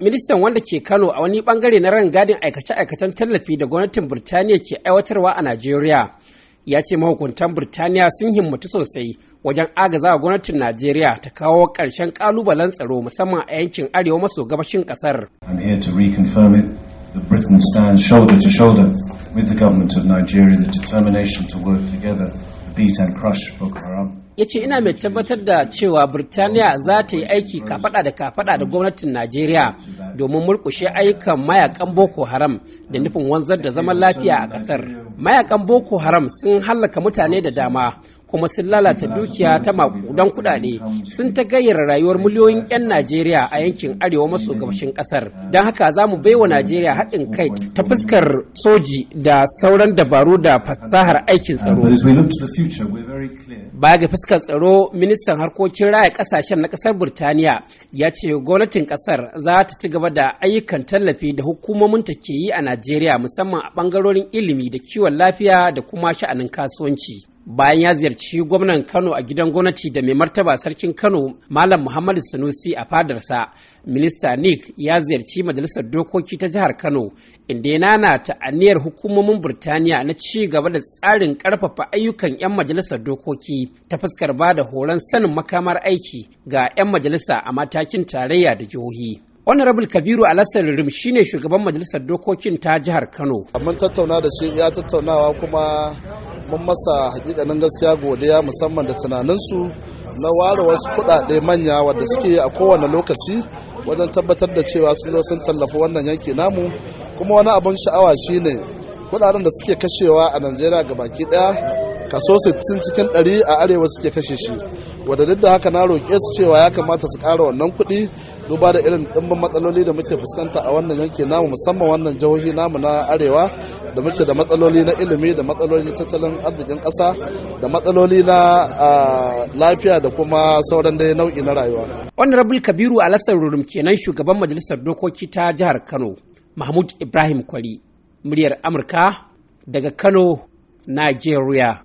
ministan wanda ke kano a wani bangare na ran gadin aikace-aikacen tallafi da gwamnatin birtaniya ke aiwatarwa a najeriya ya ce mahukuntan birtaniya sun himmatu sosai wajen agaza gwamnatin najeriya ta kawo ƙarshen ƙalubalen tsaro musamman a yankin arewa maso gabashin ƙasar Britain stands to shoulder with the government of Nigeria the determination to work together to beat and crush Boko Haram. ya ce ina mai tabbatar da cewa birtaniya za ta yi aiki kafada da kafada da gwamnatin najeriya domin murkushe ayyukan mayakan boko haram da nufin wanzar da zaman lafiya a kasar mayakan boko haram sun hallaka mutane da dama kuma sun lalata dukiya ta makudan kudade sun ta gayyara rayuwar miliyoyin 'yan najeriya a yankin arewa maso gabashin kasar don haka za mu baiwa najeriya haɗin kai ta fuskar soji da sauran dabaru da fasahar aikin tsaro baya ga fuskar tsaro ministan harkokin raya kasashen na kasar burtaniya ya ce gwamnatin kasar za ta ci gaba da ayyukan tallafi da hukumomin ta ke yi a najeriya musamman a ɓangarorin ilimi da kiwon lafiya da kuma sha'anin kasuwanci bayan ya ziyarci gwamnan kano a gidan gwamnati da mai martaba sarkin kano malam muhammadu sanusi a fadarsa minista nick ya ziyarci majalisar dokoki ta jihar kano inda ya nana ta aniyar hukumomin burtaniya na ci gaba da tsarin karfafa ayyukan 'yan majalisar dokoki ta fuskar ba da horon sanin makamar aiki ga 'yan majalisa a matakin tarayya da jihohi honorable kabiru alassan rim shine shugaban majalisar dokokin ta jihar kano mun tattauna da shi ya tattaunawa kuma mun masa hakikanin gaskiya godiya musamman da tunaninsu na ware wasu kuɗaɗe manya wadda suke a kowane lokaci wajen tabbatar da cewa sun zo sun tallafa wannan yanki namu kuma wani abin sha'awa shine kuɗaɗen da suke kashewa a najeriya ga baki ɗaya kaso 60 cikin 100 a arewa suke kashe shi wadda duk da haka na roƙe su cewa ya kamata su ƙara wannan kuɗi duba da irin ɗimbin matsaloli da muke fuskanta a wannan yanki namu musamman wannan jihohi namu na arewa da muke da matsaloli na ilimi da matsaloli na tattalin arzikin ƙasa da matsaloli na lafiya da kuma sauran dai nau'i na rayuwa. honorable kabiru lasar rurum kenan shugaban majalisar dokoki ta jihar kano mahmud ibrahim kwari muryar amurka daga kano nigeria